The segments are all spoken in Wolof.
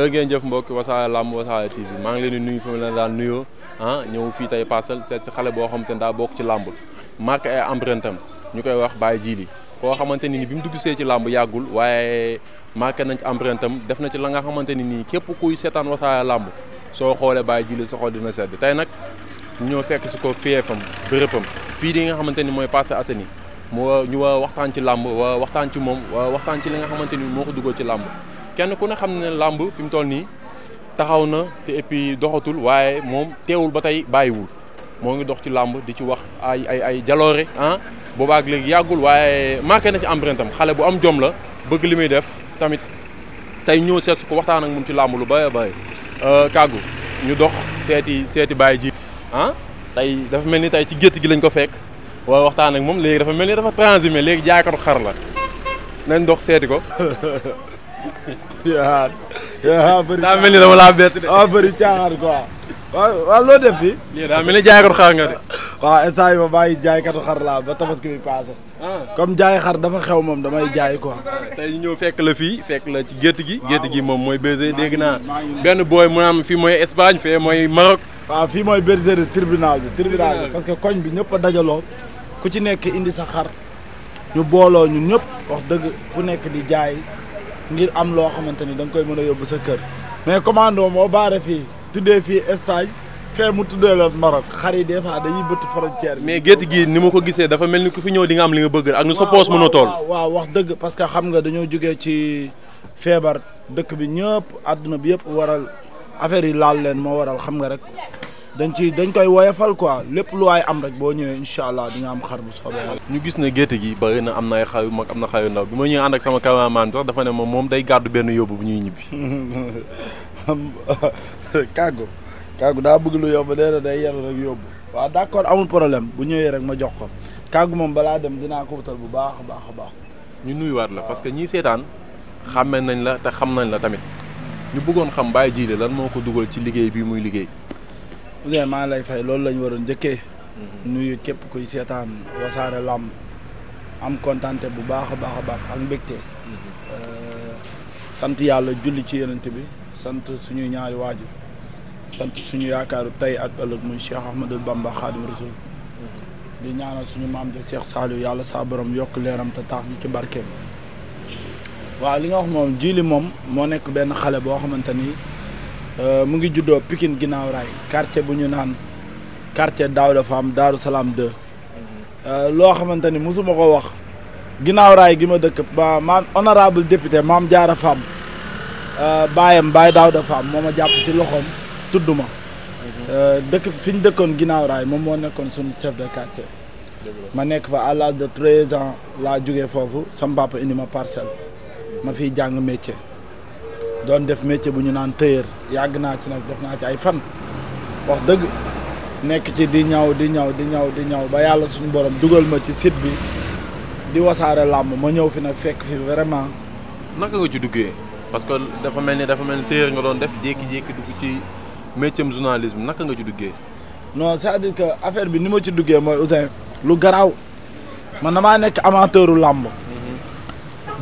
jërëjëf jëf mbokk wasaare làmb wasaare TV maa ngi leen di nuyu fi ma leen daan nuyoo ah ñëw fii tey Parcelles seet si xale boo xamante ni daa bokk ci làmb marqué ay empreinte am ñu koy wax Baye Djily koo xamante ni bi mu dugg see ci làmb yàggul waaye marqué nañ ci empreinte def na ci la nga xamante ni nii képp kuy seetaan wasaare làmb soo xoolee Baye Djily soxoo dina sedd tey nag ñoo fekk si ko feefam bërëpam fii di nga xamante ni mooy Parcelles Assainies mu ñu wa waxtaan ci làmb wa waxtaan ci moom wa waxtaan ci li nga xamante ni moo ko duggoo ci làmb kenn ku ne xam ne làmb fi mu toll nii taxaw na te et doxatul waaye moom teewul ba tey bàyyiwul moo ngi dox ci làmb di ci wax ay ay ay jaloore ah boobaak léegi yàggul waaye marqué na ci empreinte am xale bu am jom la bëgg li muy def tamit tey ñëw seet su ko waxtaan ak moom ci làmb lu bay bay euh, kàggu ñu dox seeti seeti bàyyi ji ah tey dafa mel ni tey ci gétt gi lañ ko fekk waaye waxtaan ak moom léegi dafa mel ni dafa transhumé léegi jaaykatu xar la nañ dox seeti ko yaa yaa daa mel ni dama laa bett de. waaw bëri caaxaan quoi. waaw waaw loo def fii. daa mel ni jaaykatu xar nga de. waaw instant yi ma bàyyi jaaykatu xar laa ba tabaski bi paase. Ah. comme jaay xar dafa xew moom damay jaay quoi. tey ñu ñëw fekk la fii fekk la ci gétt gi. gétt gi moom mooy bergerie dégg naa. benn booy mu am fii mooy Espagne fee mooy Maroc. waaw fii mooy bergerie tribunal bi. tribunal bi parce que koñ bi ñëpp a dajaloo. ku ci nekk indi sa xar. ñu booloo ñun ñëpp wax dëgg ku nekk di jaay. ngir am loo xamante ni da koy mën a yóbbu sa kër mais commando moo baare fii tuddee fii Espagne fee mu tuddee la Maroc xar yi des fois dañuy bëtt frontière mais gétt gi ni ma ko gisee dafa mel ni ku fi ñëw di nga am li nga bëgg ak nu sa poos mën a toll waaw wax dëgg parce que xam nga dañoo jógee ci feebar dëkk bi ñëpp àdduna bi yëpp waral affaire yi laal leen moo waral xam nga rek dañ ci dañ koy woyefal quoi lépp lu waaye am rek boo ñëwee incha allah di nga am xar bu soobee ñu gis ne gétt gi bëri na am na xar yu mag am na xar yu ndaw bi ma ñëwee ànd ak sama cameraman bi sax dafa ne moom moom day gàddu benn yóbbu bu ñuy ñibbi kàggu kàggu daa bëgg lu yomb nee na day yenu rek yóbbu waaw d'accord amul problème bu ñëwee rek ma jox ko kàggu moom balaa dem dinaa ko wutal bu baax baax baax ñu nuyuwaat la parce que ñii seetaan xàmmee nañ la te xam nañ la tamit ñu bëggoon xam Baye Djily lan moo ko dugal ci liggéey bi muy liggéey Ouzin maa lay fay loolu lañu ñu waroon njëkkee. Mhm. nuyu képp kuy seetaan wasaare làmb am kontante bu baax a baax a baax ak mbégte. Mhm. Euh, sant yàlla julli ci yonent bi sant suñuy ñaari waaju sant suñu yaakaaru tey ak ëllëg muy Cheikh Ahmadul Bamba Xaadim Rasul mhm. di ñaanal suñu maam de Cheikh Saliou yàlla saa borom yokk leeram te tax ñu ci barkeem waaw li nga wax moom jili moom moo nekk benn xale boo xamante ni. Euh, mu ngi juddoo Pikine ginnaaw raay quartier bu ñu naan quartier Daouda Fam Daaru Salaam 2 euh, loo xamante ni mosuma ko wax ginnaaw raay gi ma dëkk ma ma honorable député Maam Jaara Fam euh, baayam Baay Daouda Fam moo ma jàpp ci loxoom tudd ma dëkk fi ñu dëkkoon ginnaaw raay moom moo nekkoon suñu chef de quartier ma nekk fa à l'âge de treize ans laa jóge foofu sama papa indi ma parcelle ma fiy jàng métier doon def métier bu ñu naan tailleur yàgg naa ci nag def naa ci ay fan wax dëgg nekk ci di ñaw di ñaw di ñaw di ñaw ba yàlla suñu borom dugal ma ci site bi di wasaare làmb ma ñëw fi nag fekk fi vraiment. naka nga ci duggee parce que dafa mel ni dafa mel ni tailleur nga doon def jékki-jékki dugg ci métier journalisme naka nga ci duggee. non c'est-à-dire que affaire bi ni ma ci duggee mooy Ouzin lu garaaw man damaa nekk amateuru làmb.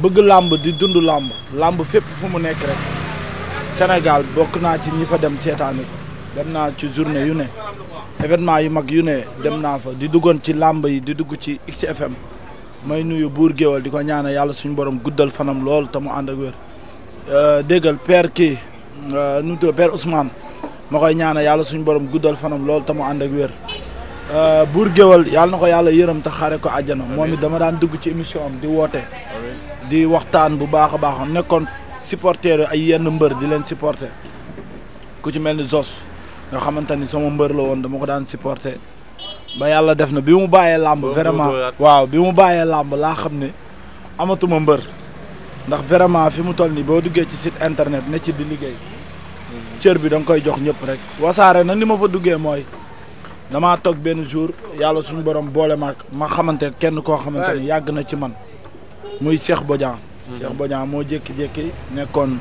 bëgg làmb di dund làmb làmb fépp fu mu nekk rek Sénégal bokk naa ci ñi fa dem seetaani dem naa ci journée yu ne événement yu mag yu ne dem naa fa di duggoon ci làmb yi di dugg ci XFM may nuyu buur géwal di ko ñaanal yàlla suñu borom guddal fanam lool te mu ànd ak wér euh, déggal père kii euh, nu mu tudd ma koy ñaanal yàlla suñu borom guddal fanam lool te mu ànd ak wér euh, buur géwal yàlla na ko yàlla yërëm te xaare ko àjjana moom it dama daan dugg ci émission am di woote di waxtaan bu baax a baax nekkoon supporter ay yenn mbër di leen supporter ku ci mel ni Zos nga xamante ni sama mbër la woon dama ko daan supporter ba yàlla def na bi mu bàyyee làmb vraiment waaw bi mu bàyyee làmb laa xam ne amatuma mbër ndax vraiment fi mu toll nii boo duggee ci site internet ne ci di liggéey cër bi danga koy jox ñëpp rek wasaare na ni ma fa duggee mooy damaa toog benn jour yàlla suñu borom boole ma ma xamante kenn koo xamante yàgg na ci man muy Cheikh Bodian. Cheikh moo jékki-jékki nekkoon.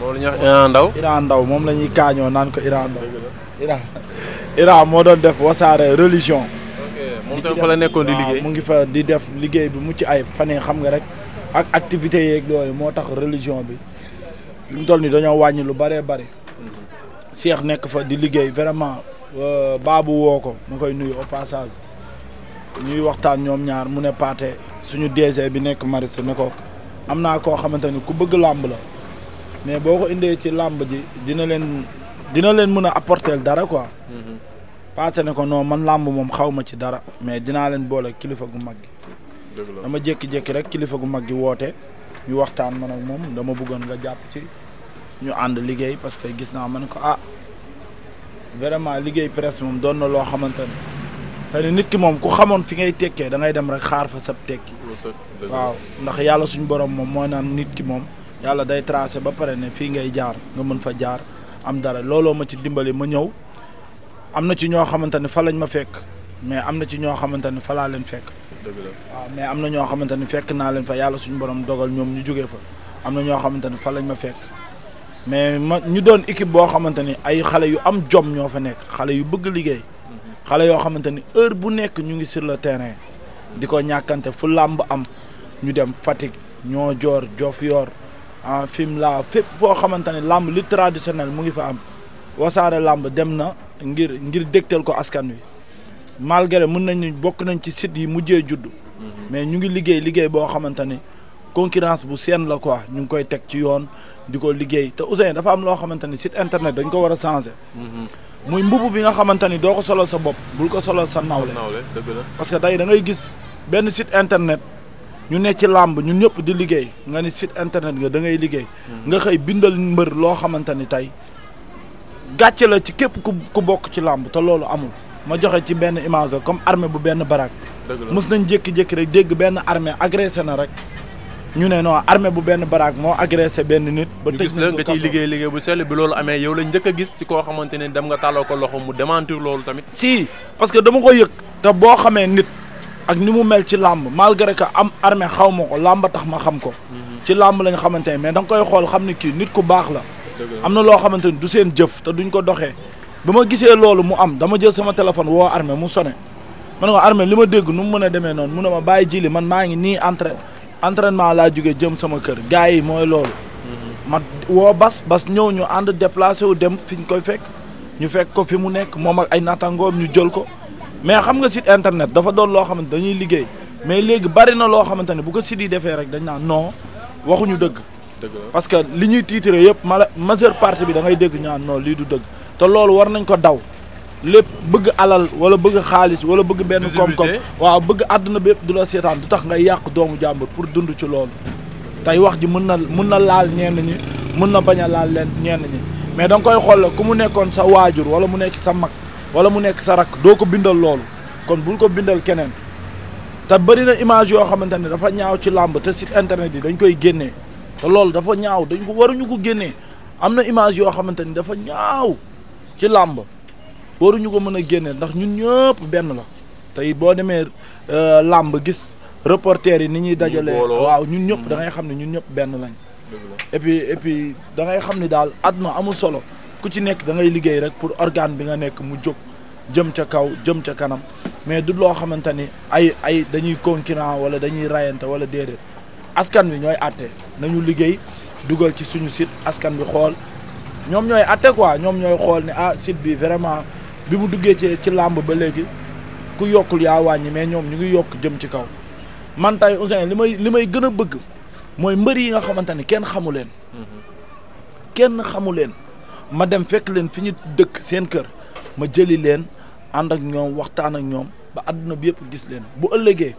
moom la ñuy Iran Ndaw. Iran Ndaw moom la ñuy kaañoo naan ko Iran Ndaw. Iran moo doon def wasaare religion. moom tamit fa la nekkoon di liggéey mu ngi fa di def liggéey bi mucc ay fan xam nga rek ak activité yeeg loolu moo tax religion bi fi mu toll nii dañoo wàññi lu bëree bëri. Cheikh nekk fa di liggéey vraiment euh, baabu woo ko mu koy nuyu au ñuy waxtaan ñoom ñaar mu ne paate suñu DG bi nekk Maris ne ko am naa koo xamante ni ku bëgg làmb la mais boo ko indee ci làmb ji dina leen dina leen mën a apporter dara quoi. Mhm. paate ne ko noo man làmb moom xaw ma ci dara mais dinaa leen boole kilifa gu mag gi. dama jékki-jékki rek kilifa gu mag gi woote ñu waxtaan man ak moom dama bëggoon nga jàpp ci ñu ànd liggéey parce que gis naa man ko ah vraiment liggéey presse moom doon na loo xamante ni xëy na nit ki moom ku xamoon fi ngay tekkee dangay dem rek xaar fa sab tekki waaw ndax yàlla suñu borom moom moo naan nit ki moom yàlla day tracé ba pare ne fii ngay jaar nga mën fa jaar am dara looloo ma ci dimbali ma ñëw am na ci ñoo xamante ne fa lañ ma fekk mais am na ci ñoo xamante ne fa laa leen fekk waaw mais am na ñoo xamante ne fekk naa leen fa yàlla suñu borom dogal ñoom ñu jógee fa am na ñoo xamante ne fa lañ ma fekk mais ma ñu doon équipe boo xamante ni ay xale yu am jom ñoo fa nekk xale yu bëgg liggéey xale yoo xamante ni heure bu nekk ñu ngi sur le terrain di ko ñàkkante fu làmb am ñu dem Fatick ñoo joor Diofior ah Fimela fépp foo xamante ne làmb li traditionnel mu ngi fa am wasaare làmb dem na ngir ngir dégtal ko askan wi malgré mën nañu bokk nañ ci site yi mujjee juddu mhm. mais ñu ngi liggéey liggéey boo xamante ni concurrence bu seen la quoi ñu ngi koy teg ci yoon di ko liggéey te Ousseyn dafa am loo xamante ni site internet dañ ko war a changer. Mhm. muy mbubb bi nga xamante ni doo ko solal sa bopp bul ko solal sa nawle parce que tey da gis benn sit internet ñu ne ci làmb ñu ñëpp di liggéey nga ni site internet nga da ngay liggéey hmm. nga xëy bindal mbër loo xamante ni tey gàcce la ci képp ku ku bokk ci làmb te loolu amul ma joxe ci benn image comme armée bu benn baraak mës nañ jékki-jékki rek dégg benn armée agressé na rek ñu ne non armée bu benn baraak moo agressé benn nit. ba tëj la nga ciy liggéey liggéey bu sell bi loolu amee yow lañ njëkk a gis ci koo xamante ne dem nga tàlloo ko loxo mu démentir loolu tamit. si parce que dama ko yëg. te boo xamee nit ak ni mu mel ci làmb malgré que am armée xaw ma ko làmb tax ma xam ko. Mhm. ci làmb lañ xamante ne mais da nga koy xool xam ne kii nit ku baax la. am na loo xamante ni du seen jëf te duñ ko doxee. ba ma gisee loolu mu am dama jël sama téléphone woo armée mu sonné man ko armée li ma dégg nu mu mën a demee noonu mu ne ma bàyyi jili man maa ngi nii entraîné entrainement laa jóge jëm sama kër gars yi mooy loolu. Mm-hmm. ma woo Bas Bas ñëw ñu ànd déplacé wu dem fi ñu koy fekk ñu fekk ko fi mu nekk moom ak ay naataangoom ñu jël ko mais xam nga site internet dafa doon loo xamante dañuy liggéey mais léegi bari na loo xamante ne bu ko site yi defee rek dañ naa noo waxuñu dëgg. parce que li ñuy tiitre yëpp mala majeure partie bi da ngay dégg ñaan non lii du dëgg te loolu war nañ ko daw. lépp bëgg alal wala bëgg xaalis wala bëgg benn koom-koom waaw bëgg àdduna bi yëpp du la seetaan du tax nga yàq doomu jàmbur pour dund ci loolu tey wax ji mën na mën na laal ñenn ñi mën na bañ a laal leen ñeen ñi mais danga koy xool ku mu nekkoon sa waajur wala mu nekk sa mag wala mu nekk sa rakk doo ko bindal loolu kon bul ko bindal keneen te bëri na image yoo xamante ne dafa ñaaw ci làmb te site internet yi dañ koy génnee te loolu dafa ñaaw dañ ko waruñu ko génnee am na image yoo xamante ni dafa ñaaw ci làmb waruñu ko mën a génne ndax ñun ñëpp benn la tey boo demee euh, làmb gis reporter yi ni ñuy dajale waaw ñun ñëpp mm-hmm. da ngay xam ne ñun ñëpp benn lañ et puis dangay xam ni daal àdduna amul solo ku ci nekk da ngay liggéey rek pour organe bi nga nekk mu jóg jëm ca kaw jëm ca kanam mais du loo xamante ni ay ay dañuy concurrent wala dañuy reyante wala déedéet askan bi ñooy àtte nañu liggéey dugal ci suñu site askan bi xool ñoom ñooy àtte quoi ñoom ñooy xool ne ah site bi vraiment bi mu duggee ci ci làmb ba léegi ku yokkul yaa wàññi mais ñoom ñu ngi yokk jëm ci kaw man tey li may li may gën a bëgg mooy mbër yi nga xamante ni kenn xamu leen kenn xamu leen ma dem fekk leen fi ñu dëkk seen kër ma jëli leen ànd ak ñoom waxtaan ak ñoom ba àdduna bi yëpp gis leen bu ëllëgee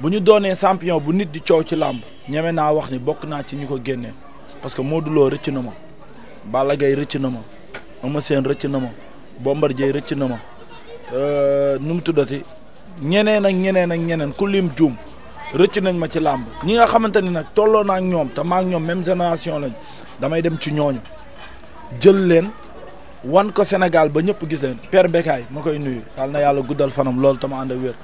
bu ñu doonee champion bu nit di coow ci làmb ñeme naa wax ni bokk naa ci ñu ko génnee parce que Modou rëcc na ma Balla rëcc na ma Eumeu seen rëcc na ma Bombardier rëcc na ma euh, nu mu tuddati ñeneen ak ñeneen ak ñeneen ku lim juum rëcc nañ ma ci làmb ñi nga xamante ni nag tolloon naa ak ñoom te ak ñoom même génération lañ damay dem ci ñooñu jël leen wan ko Sénégal ba ñëpp gis leen Père Bécaye ma koy nuyu yal na yàlla guddal fanam loolu tama ànd ak wér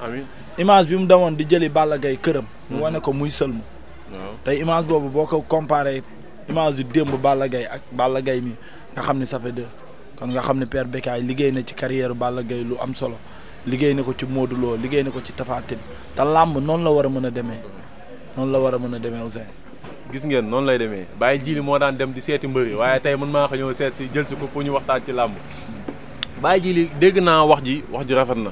image bi mu demoon di jëli Balla Gaye këram ñu mm-hmm. wane ko muy sëlmu te image boobu boo ko comparé image yu démb Balla gay ak Balla gay mi nga xam ni ça fait kon nga xam ne Père Bécaye liggéey na ci carrière Balla Gaye lu am solo liggéey na ko ci Modou Lo liggéey na ko ci Tapha Tine te làmb noonu la war a mën a demee noonu la war a mën a demee Ousseyn. gis ngeen noonu lay demee bàyyi jiili moo daan dem di seeti mbër yi waaye tey mën maa ko ñëw seet si jël si ko ñu waxtaan ci làmb bàyyi jiili dégg naa wax ji wax ji rafet na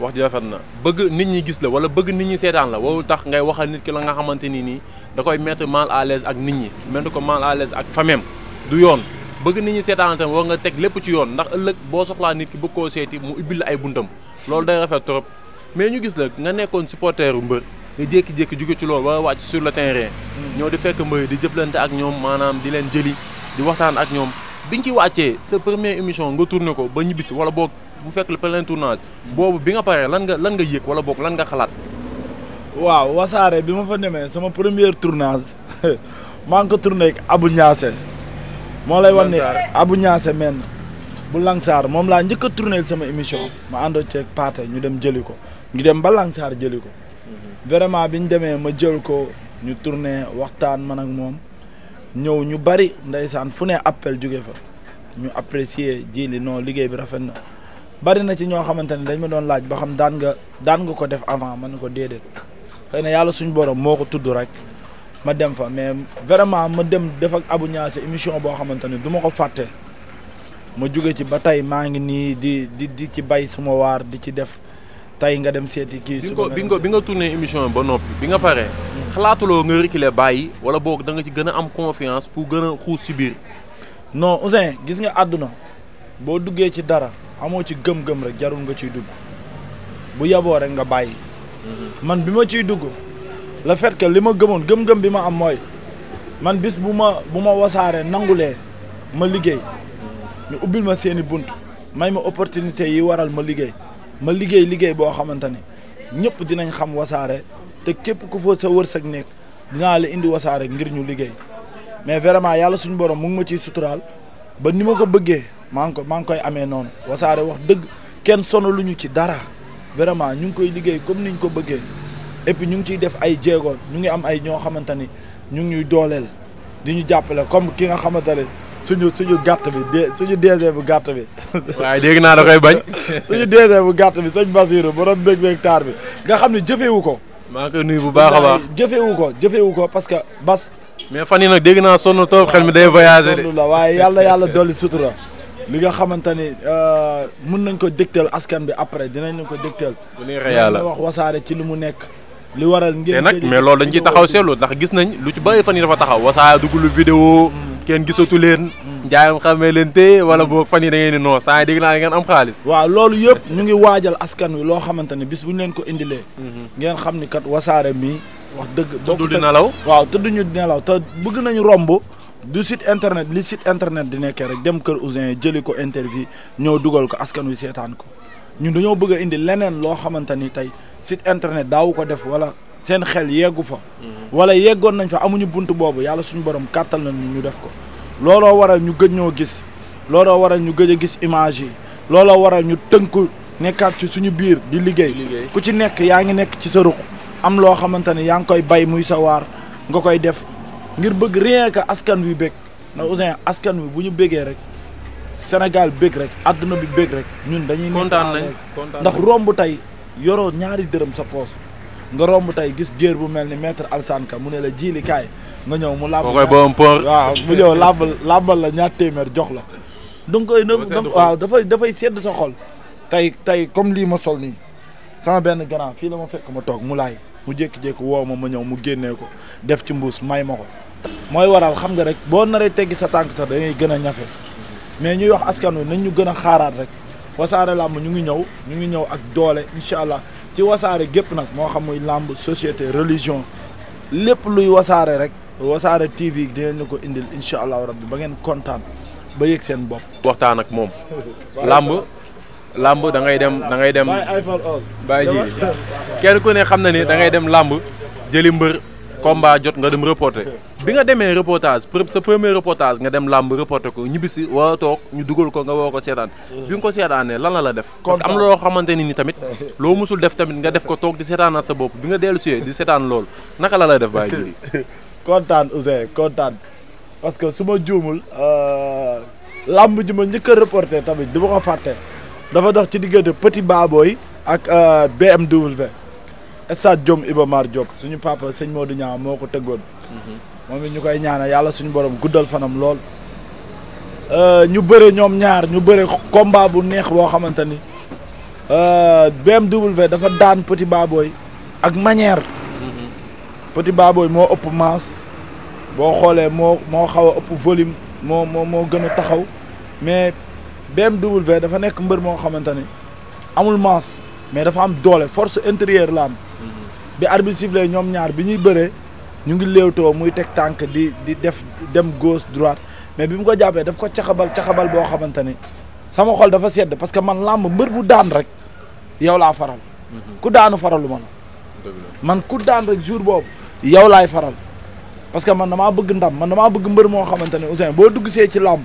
wax ji rafet na bëgg nit ñi gis la wala bëgg nit ñi seetaan la wowul tax ngay waxal nit ki la nga xamante ni nii da koy mettre mal à l'aise ak nit ñi mettre ko mal à ak famem du yoon bëgg nit ñi seetaan war nga teg lépp ci yoon ndax ëllëg boo soxlaa nit ki bëgg koo seeti mu ubbil la ay buntam loolu day rafet trop mais ñu gis la nga nekkoon supporteru mbër nga jékki-jékki jóge ci loolu war a wàcc sur le terrain ñoo di fekk mbër di jëflante ak ñoom maanaam di leen jëli di waxtaan ak ñoom bi nga ci wàccee sa première émission nga tourné ko ba ñibbisi wala boog bu fekk le plein tournage boobu bi nga paree lan nga lan nga yëg wala boog lan xalaat waaw wasaare bi ma fa demee sama première tournage maa ko tourné ak Abou Niasse moo lay wan ne abu Niasse men bu Langsar moom laa njëkk a tourné sama émission ma àndoo ceeg Paate ñu dem jëli ko ñu dem ba Langsar jëli ko mhm. vraiment bi ñu demee ma jël ko ñu tourné waxtaan ma nag moom ñëw ñu bari ndeysaan fu ne appel jóge fa ñu apprécier ji li non liggéey bi rafet na bari na ci ñoo xamante ne dañ ma doon laaj ba xam daan nga daan nga ko def avant man ko déedéet xëy na yàlla suñu borom moo ko tudd rek ma dem fa mais vraiment ma dem def ak Abou Niasse émission boo xamante ni du ma ko fàtte ma jóge ci ba tey maa ngi nii di di di ci bay suma waar di ci def tey nga dem seeti kii. bi nga bi nga tourné émission ba noppi bi nga paree hmm. xalaatuloo nga reculer bàyyi wala boog da nga ci gën a am confiance pour gën a xuus si biir. non Ouzin gis nga àdduna boo duggee ci dara amoo ci gëm-gëm rek jarul nga ciy dugg bu yaboo rek nga bàyyi. Hmm. man bi ma ciy dugg. la fait li ma gëmoon gëm-gëm bi ma am mooy man bis bu ma bu ma wasaaree nangulee ma liggéey ñu ubbil ma seeni bunt may ma opportunité yi waral ma liggéey ma liggéey liggéey boo xamante ni ñëpp dinañ xam wasaare te képp ku fa sa wërsëg nekk dinaa la indi wasaare ngir ñu liggéey mais vraiment yàlla suñu borom mu ngi ma ciy suturaal ba ni ma ko bëggee maa ngi ko maa ngi koy amee noonu wasaare wax dëgg kenn sono lu ñu ci dara vraiment ñu ngi koy liggéey comme niñ ko bëggee et ñu ngi ciy def ay jéego ñu ngi am ay ñoo xamante ni ñu ngi ñuy dooleel di ñu jàppale comme ki nga xamante ne suñu suñu gàtt bi de suñu DG bu gàtt bi. waaye dégg naa da koy bañ. suñu DG bu gàtt bi sëñ Basirou borom bëgg bëgg taar bi nga xam ne jëfewu ko. maa ngi nuyu bu baax a baax jëfewu ko jëfewu ko parce que Bas. mais fan yi nag dégg naa sonn trop xel mi day voyager de. la waaye yàlla yàlla dolli sutura. li nga xamante ni euh, mën nañ ko dégtal askan bi après dinañ ko dégtal. bu neexee yàlla wax wasaare ci li mu nekk. li waral ngeen nag mais loolu dañ ciy taxaw seetlu ndax gis nañ lu ci bëri fan yi dafa taxaw wasaa dugg lu vidéo mm. kenn gisatu leen xam mm. xamee leen te wala boo fan yi da ngeen di noos temps yi dégg naa ngeen am xaalis waaw loolu yëpp ñu ngi waajal askan wi loo xamante ne bis bu ñu leen ko indilee mm-hmm. ngeen xam ni kat wasaare mi wax dëgg tëdd di nelaw waaw tëdd ñu nelaw te bëgg nañu romb du site internet li site internet di nekkee rek dem kër Ousin jëli ko interview ñëw dugal ko askan wi seetaan ko ñun dañoo bëgg a indi leneen loo xamante ni tey site internet daaw ko def wala seen xel yeggu fa. Mhm. wala yeggoon nañ fa amuñu bunt boobu yàlla suñu borom kàttal na ñu def ko. looloo waral ñu gëj ñoo gis looloo waral ñu gëj a gis image yi looloo waral ñu tënku nekkaat ci suñu biir di liggéey. ku ci nekk yaa ngi nekk ci sa ruq am loo xamante ne yaa ngi koy bay muy sa nga koy def ngir bëgg rien que askan wi bëgg na Ouzin askan wi bu ñu bëggee rek. Sénégal bëgg rek àdduna bi bëgg rek ñun dañuy. kontaan nañ nañ ndax romb tey yoroo ñaari dërëm sa poos nga romb tey gis géer bu mel ni maître Alsane Ka mu ne la jiili nga ñëw mu làbb waaw mu ñëw làbbal làbbal la ñaar téeméer jox la donc koy euh, dafay dafay sedd sa xol tey tey comme lii ma sol nii sama benn grand fii la ma fekk ma toog mu laay mu jékki-jékki woo ma ma ñëw mu génnee ko def ci mbuus may ma ko mooy waral xam nga rek boo naree teggi sa tànk sax dangay ngay gën a ñafe mais ñuy wax askan wi nañ ñu gën a xaaraat rek wasaare làmb ñu ngi ñëw ñu ngi ñëw ak doole incha allah ci wasaare gépp nag moo xam muy làmb société religion lépp luy wasaare rek wasaare TV dinañ la ko indil incha allahu rabbi ba ngeen kontaan ba yëg seen bopp. waxtaan ak moom. làmb làmb da ngay dem dangay dem. bàyyi ji kenn ku ne xam na ni da ngay dem làmb jëli mbër. combat jot nga dem reporté bi nga demee reportage sa premier reportage nga dem làmb reporté ko ñibbisi war a toog ñu dugal ko nga woo ko seetaan bi nga ko seetaanee lan la la def parce que am na loo xamante ni tamit loo mosul def tamit nga def ko toog di seetaanaat sa bopp bi nga dellu si di seetaan loolu naka la la def bàyyi jiri kontaan Ouzin kontaan parce que su ma juumul euh, làmb ji ma njëkk a tamit du ma ko fàtte dafa dox ci diggante Petit Baboy ak euh, BMW stade Diom Iba Mar Diop suñu papa sëñ Modou Niang moo ko tëggoon. moom it ñu koy ñaanal yàlla suñu borom guddal fanam lool. Euh, ñu bëre ñoom ñaar ñu bëre combat bu neex boo xamante ni euh, BMW dafa daan Petit Baboy ak manière. Petit Baboy moo ëpp masse boo xoolee moo moo a ëpp volume moo moo moo gën a taxaw mais BMW dafa nekk mbër moo xamante ni amul masse. mais dafa am doole force intérieure la am. bi arbitre ñoom ñaar bi ñuy bëree ñu ngi léew léewtoo muy teg tànk di di def dem gauche droite mais bi mu ko jàppee daf ko caxabal caxabal boo xamante ni sama xol dafa sedd parce que man làmb mbër bu daan rek yow laa faral. Mhm. ku daanu faralu ma la. man ku daan rek jour boobu yow laay faral parce que man damaa bëgg ndam man damaa bëgg mbër moo xamante ne Ouzin boo dugg see ci làmb.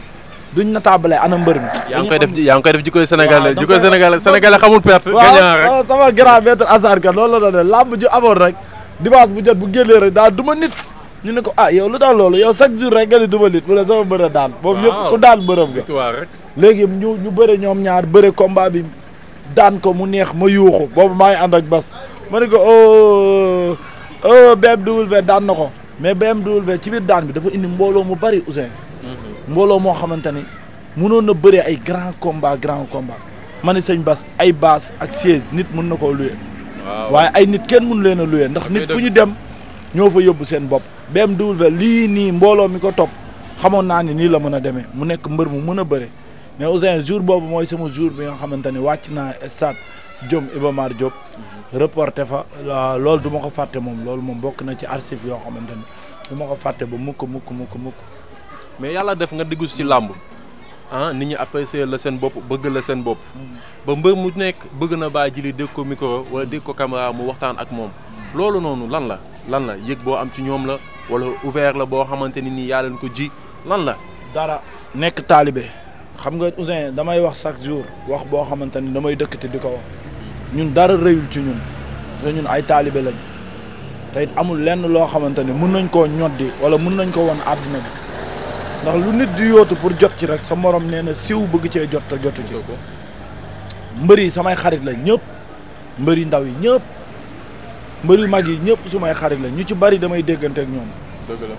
duñ na taabale ana mbër mi. yaa ngi koy def yaa ngi koy def jikkoy Sénégal la jikkoy euh, Sénégal Sénégal xamul perte. gagnant rek waaw sama grand maître Assane Ka loolu la doon làmb ju amoon rek dimanche bu jot bu génnee rek daal duma nit. ñu ne ko ah yow lu tax loolu yow chaque jour rek nga ni duma nit mu daan. waaw moom ñëpp ku daan mbëram nga. léegi bëre ñoom ñaar bëre combat bi daan ko mu neex ma yuuxu boobu maa ngi ànd ak bas ma ne ko oh oh, oh BMW daan na ko mais BMW ci biir daan bi dafa indi mbooloo mu bari Ousseyn mbooloo moo xamante ni mënoon na bëree ay grand combat grand combat ma ne sëñ Bass ay baas ak siège nit mën na koo luye waaye ay nit kenn mun leen a luye ndax nit fu ñu dem ñoo fa yóbbu seen bopp BMW lii nii mbooloo mi ko topp xamoon naa ni nii la mën a demee mu nekk mbër mu mën a bëre mais Ouzin jour boobu mooy sama jour bi nga xamante ni wàcc naa stade Jom Iba Mar Diop mhm. reporté fa loolu du ma ko fàtte moom loolu moom bokk na ci archive yoo xamante ni du ma ko fàtte ba mukk mukk mukk mukk mais yàlla def nga diggu ci làmb ah nit ñi apprécier la seen bopp bëgg la seen bopp ba mbër mu nekk bëgg na baa jili dégg ko micro wala dégg ko caméra mu waxtaan ak moom loolu noonu lan la lan la yëg boo am ci ñoom la wala ouvert la boo xamante ni nii yaa leen ko ji lan la dara nekk taalibe xam nga Ouzin damay wax chaque jour wax boo xamante ni damay dëkkati di ko wax ñun dara rëyul ci ñun te ñun ay taalibe lañ te amul lenn loo xamante ni mun nañ koo ñoddi wala mun nañ ko won àddina bi ndax lu nit di yootu pour jot ci rek sa moroom nee na siw bëgg cee jot te jotu ci mbër yi samay xarit la ñëpp mbër yi ndaw yi ñëpp mbër yu mag yi ñëpp sumay xarit la ñu ci bari damay déggante ak ñoom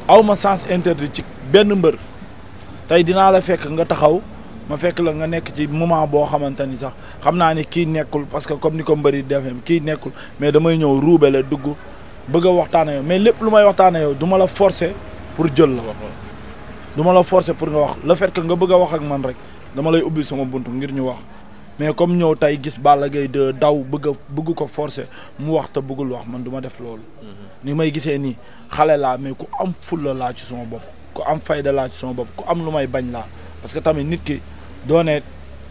aw ma sens interdit ci benn mbër tey dinaa la fekk nga taxaw ma fekk la nga nekk ci moment boo xamante ni sax xam naa ni kii nekkul parce que comme ni ko mbëri defee kii nekkul mais damay ñëw ruube la dugg bëgg a waxtaan mais lépp lu may waxtaan yow du la forcer pour jël la du ma la forcer pour nga wax la fait nga bëgg wax ak man rek dama lay ubbi sama bunt ngir ñu wax mais comme ñëw tey gis Balla Gaye de daw bëgg bëgg ko forcer mu wax te bëggul wax man duma def loolu. Mhm. ni may gisee nii xale laa mais ku am fulla laa ci sama bopp ku am fayda laa ci sama bopp ku am lu may bañ laa parce que tamit nit ki doone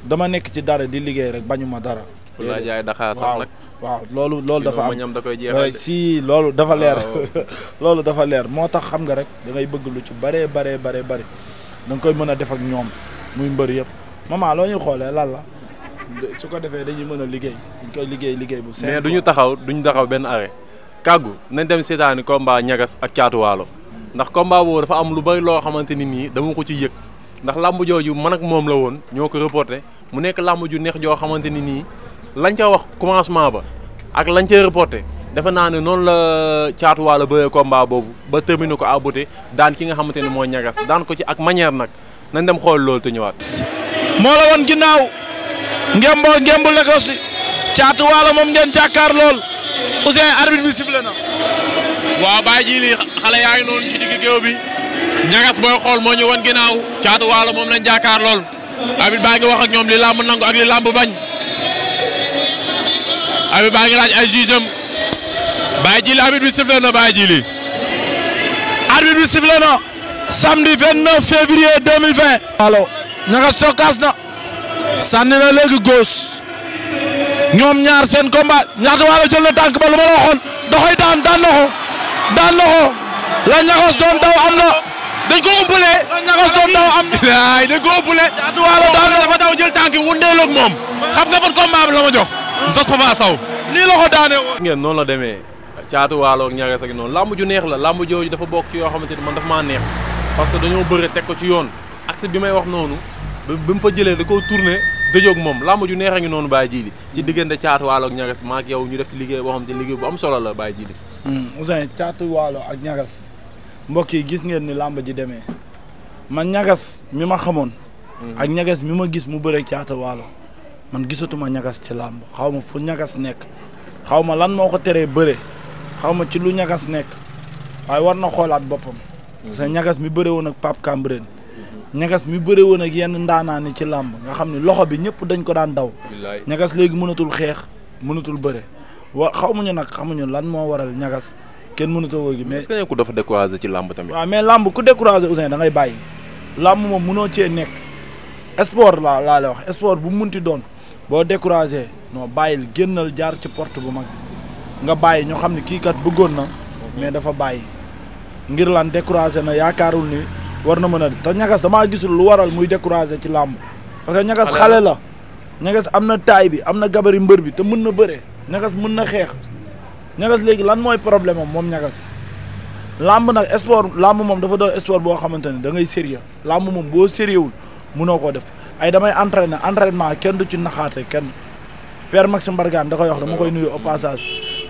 dama nekk ci dara di liggéey rek bañuma dara. fu laa jaay daxaa sax nag waaw loolu loolu dafa am si loolu dafa leer loolu dafa leer moo tax xam nga rek da bëgg lu ci bëree baree baree bëri da koy mën a def ñoom muy mbër yëpp maman loo ñuy xoolee lan la su ko defee dañuy mën a liggéey liggéey liggéey bu seen mais duñu taxaw duñu taxaw benn arrêt kàggu nañ dem seetaani combat ñagas ak caatuwaalo ndax combat dafa am lu bëri loo xamante ni nii dama ko ci yëg ndax làmb jooju mën ak moom la woon ñoo ko reporté mu nekk làmb ju neex joo xamante ni nii lañ ca wax commencement ba ak lañ ca reporté defe naa ne noonu la caatuwaala bëree combat boobu ba terminé ko à beauté daan ki nga xamante ni moo ñagas daan ko ci ak manière nag nañ dem xool loolu te ñëwaat. moo la woon ginnaaw ngemboo ngembul la ko si caatuwaala moom ngeen jàkkaar lool Ousseyn arbitre bi sifflé na. waaw bàyyi ji xale yaa ngi noonu ci digg géew bi ñagas booy xool moo ñu woon ginnaaw caatuwaala moom lañ jàkkaar lool arbitre baa ngi wax ak ñoom li làmb nangu ak abi baa ngi ay jugeem Baye Djily arbitre bi sifflé na Baye Djily arbitre bi sifflé na samedi 29 février 2020 allo ñaga sokkaas na sànni góos ñoom ñaar seen combat ñaata wala jël na tànk ba lu ma la waxoon da koy daan daan na ko daan na ko la ñagos doon daw am na dañ ko ëppale ñagos doon daw am na ay dañ ko ëppale ñaata wala daan na dafa daw jël tànk wundeeloog moom xam nga ban combat bi la ma jox Zoss Papa Sow nii la ko daane woon ngeen noonu la demee caatu waalo ak ñagas ak noonu làmb ju neex la làmb jooju dafa bokk ci yoo xamante ni man dafa maa neex que dañoo bëre teg ko ci yoon axe bi may wax noonu bi mu fa jëlee da koo tourné dëjoog moom làmb ju neex a ngi noonu Baye Djili ci diggante caatu waalo ak ñagas ma ak yow ñu def ci liggéey boo xamante ni liggéey bu am solo la Baye Djili hmm, Ousseyn caatu waalo ak ñagas mbokk yi gis ngeen ni làmb ji demee man ñagas mi ma xamoon hmm. ak ñagas mi ma gis mu bëre caatu waalo man gisatuma ñagas ci làmb xaw ma fu ñagas nekk xawma lan moo ko teree bëre xaw ma ci lu ñagas nekk waaye war na xoolaat boppam. parce que ñagas mi bëre woon ak Pape Cambrène. ñagas mi bëre woon ak yenn ndaanaani ci làmb nga xam ne loxo bi ñëpp dañ ko daan daw. ñagas léegi mënatul xeex mënatul bëre wa ñu nag xamuñu lan moo waral ñagas kenn mënatoo ko gi mais. est-ce que ku dafa découragé ci làmb tamit. waaw mais làmb ku découragé Ousseyn da ngay bàyyi làmb moom mënoo cee nekk sport laa laa la wax sport bu munti doon. boo découragé noo bàyyil génnal jaar ci porte bu mag nga bàyyi ñoo xam ne kii kat bëggoon na mais dafa bàyyi ngir lan découragé na yaakaarul ni war na mën a te ñagas damaa gisul lu waral muy découragé ci làmb parce que ñagas xale la ñagas am na taay bi am na gabari mbër bi te mën na bëre ñagas mën na xeex ñagas léegi lan mooy problème am moom ñagas làmb nag sport làmb moom dafa doon sport boo xamante ne da ngay sérieux làmb moom boo sérieux wul mënoo koo def ay damay entraîner entraînement kenn du ci naxaate kenn Père Maxime Bargane da koy wax dama koy nuyu au passage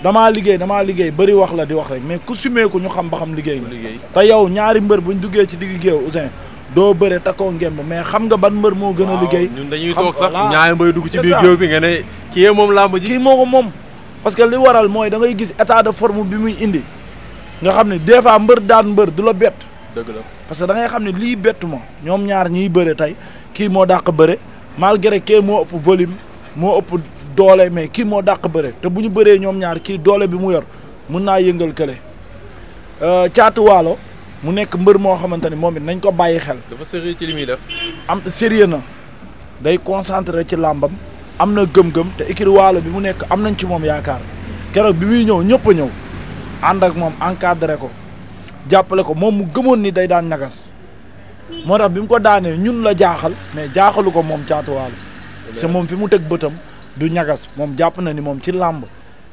damaa liggéey damaa liggéey bëri wax la di wax rek mais ku sumee ko ñu xam ba xam liggéey nga te yow ñaari mbër buñ ci digg géew Ouzin doo bëre takkoo ngemb mais xam nga ban mbër moo gën a liggéey ñun dañuy toog sax ñaari mbër dugg ci biir géew bi nga kii moom làmb ji kii moo ko moom parce que li waral mooy da gis état de forme bi muy indi nga xam ne des fois mbër daan mbër du la bett dëgg la parce que da ngay xam ne lii bettu ñoom ñaar ñiy bëre tey kii moo dàq bëre malgré que moo ëpp volume moo ëpp doole mais kii moo dàq bëre te bu ñu bëree ñoom ñaar kii doole bi mu yor mun naa yëngal kële caatu euh, waalo mu nekk mbër moo xamante ni moom it nañ ko bàyyi xel. dafa sérieux ci li am sérieux na day concentré ci làmbam am na gëm-gëm te écurie waalo bi mu nekk am nañ ci moom yaakaar keroog bi muy ñëw ñëpp ñëw ànd ak moom encadré ko jàppale ko moom mu gëmoon ni day daan ñagas. moo tax bi mu ko daanee ñun la jaaxal mais jaaxalu ko moom Caatu Waalo moom fi mu teg bëtam du ñagas moom jàpp na ni moom ci làmb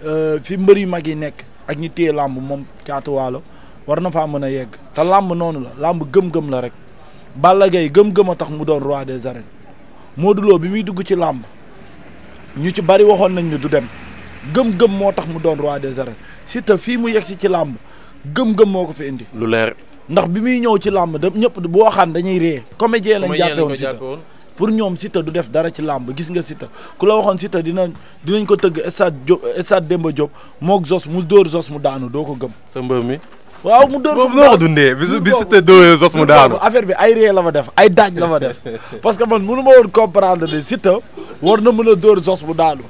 euh, fi mbër yu mag yi nekk ak ñi téye làmb moom Caatu war na faa mën a yegg te làmb noonu la làmb gëm-gëm la rek Balla Gaye gëm-gëm a tax mu doon roi des arènes Modou bi muy dugg ci làmb ñu ci bari waxoon nañ ñu du dem gëm-gëm moo tax mu doon roi des arènes Siteu fii mu yegg si ci làmb gëm-gëm moo ko fi indi lu leer ndax bi muy ñëw ci làmb da ñëpp boo xam dañuy ree comédien lañ jàppe woon Siteu pour ñoom Siteu du def dara ci làmb gis nga Siteu ku la waxoon Siteu dina dinañ ko tëgg stade Diop stade Demba Diop mook Zos mu dóor Zos mu daanu doo ko gëm sa mbër mi waaw mu dóor boobu noo ko dundee bi bi Siteu dóoree Zos mu daanu affaire bi ay ree la ma def ay daaj la ma def parce que man mënu ma woon comprendre ne Siteu war na mën a dóor Zos mu daanu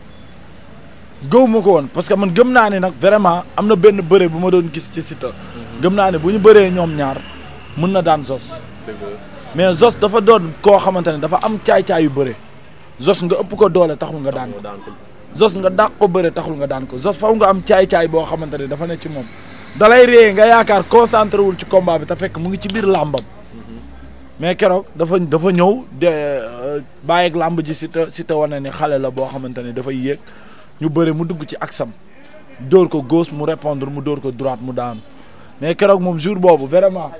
gëw ma ko woon parce que man gëm naa ne nag vraiment am na benn bëre bu ma doon gis ci Siteu gëm naa ne bu ñu bëree ñoom ñaar mën na daan sos mais Zos dafa doon koo xamante ne dafa am caay-caay yu bëre Zos nga ëpp ko doole taxul nga daan ko. Zos nga dàq ko bëre nga daan ko Zos faw nga am caay-caay boo xamante ne dafa ne ci moom. dalay réer nga yaakaar concentré wul ci combat bi te fekk mu ngi ci biir làmbam. mais keroog dafa dafa ñëw de euh, bàyyeeg làmb ji si te si te wane ni xale la boo xamante ne dafay yéeg ñu bëre mu dugg ci ak sam dóor ko gauche mu répondre mu dóor ko droite mu daanu. mais keroog moom jour boobu vraiment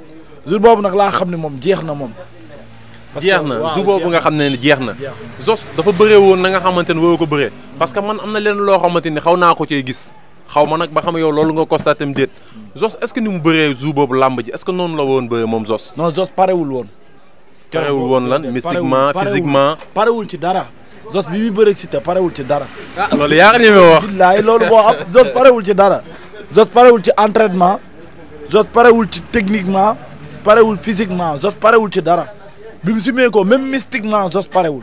jour boobu nag laa xam ne moom jeex na moom. parce na jour boobu nga xam ne jeex na. Zos dafa bëree woon na nga xamante ne waroo ko bëree. parce que man am na leen loo xamante ni xaw naa ko cee gis. xaw ma nag ba xam yow loolu nga constaté mu déet Zos est-ce que ni mu bëree jour boobu làmb ji est-ce que noonu la woon bëree moom Zos. non Zos parewul woon. parewul woon lan mystiquement physiquement. parewul ci dara. Zos bi muy bëree si te parewul ci dara. Ah, loolu yaa ngi ñeme wax. billaay boo am Zos parewul ci dara. Zos parewul ci entraînement. Zoss parewul ci techniquement parewul physiquement Zoss parewul ci dara bi mu sumee ko même mystiquement Zoss parewul.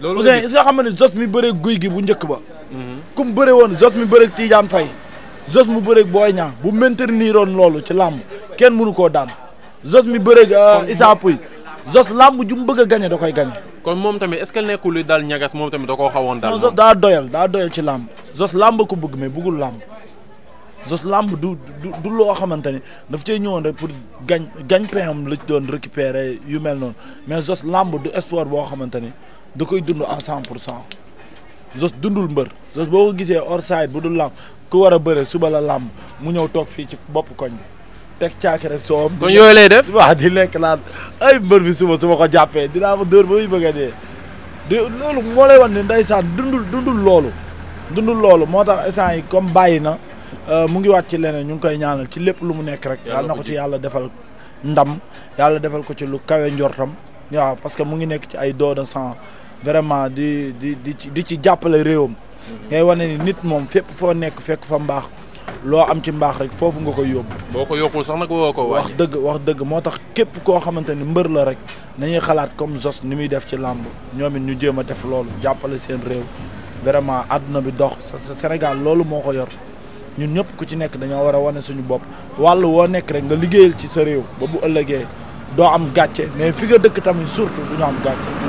loolu la gis nga xam ne Zoss mi bëree guy gi bu njëkk ba. Mhm. ku mu bëree woon Zoss mi bëree Tidiane Faye Zoss mu bëree Boy Niang bu maintenir woon loolu ci làmb kenn mënu koo daan Zoss mi bëree euh, Issa Pouye Zoss làmb ju mu bëgg a gañe da koy gañe. kon moom tamit est-ce que nekkul li daal ñagas moom tamit koo xawoon daal. non daa doyal daa doyal ci làmb Zoss làmb ko bëgg mais bëggul làmb. Zoss làmb du du loo xamante ni daf cee ñëwoon rek pour gañ gañ payam la doon récupérer yu mel noonu mais Zoss làmb du sport boo xamante ni da koy dund à cent cent Zoss dundul mbër boo gisee hors side bu dul làmb ku war a bëre suba la làmb mu ñëw toog fii ci bopp koñ bi teg rek soo am. kon yooyu lay def waaw di lekk naan ay mbër su ma ko jàppee dinaa ko dóor ba muy bëgg a dee di loolu moo lay wan ne ndeysaan dundul dundul loolu dundul loolu moo tax instant yi comme bàyyi na Euh, mu ngi waat ci leneen ñu ngi koy ñaanal ci lépp lu mu nekk rek yàlla na ko ci yàlla defal ndam yàlla defal ko ci lu kawe njortam waaw parce que mu ngi nekk ci ay don de sang vraiment di di di di ci jàppale réewam mhm. ngay wane ni nit moom fépp foo nekk fekk fa mbaax loo am ci mbaax rek foofu nga koy yóbbu. boo ko yokkul sax nag ko wax dëgg wax dëgg moo tax képp koo xamante ni mbër la rek nañuy xalaat comme Zoss ni muy def ci làmb ñoom it ñu jéem a def loolu jàppale seen réew vraiment àdduna bi dox sa Sénégal loolu moo ko yor ñun ñëpp ku ci nekk dañoo war a wane suñu bopp wàll woo nekk rek nga liggéeyal ci sa réew ba bu ëllëgee doo am gàcce mais fi nga dëkk tamit surtout du ñu am gàcce.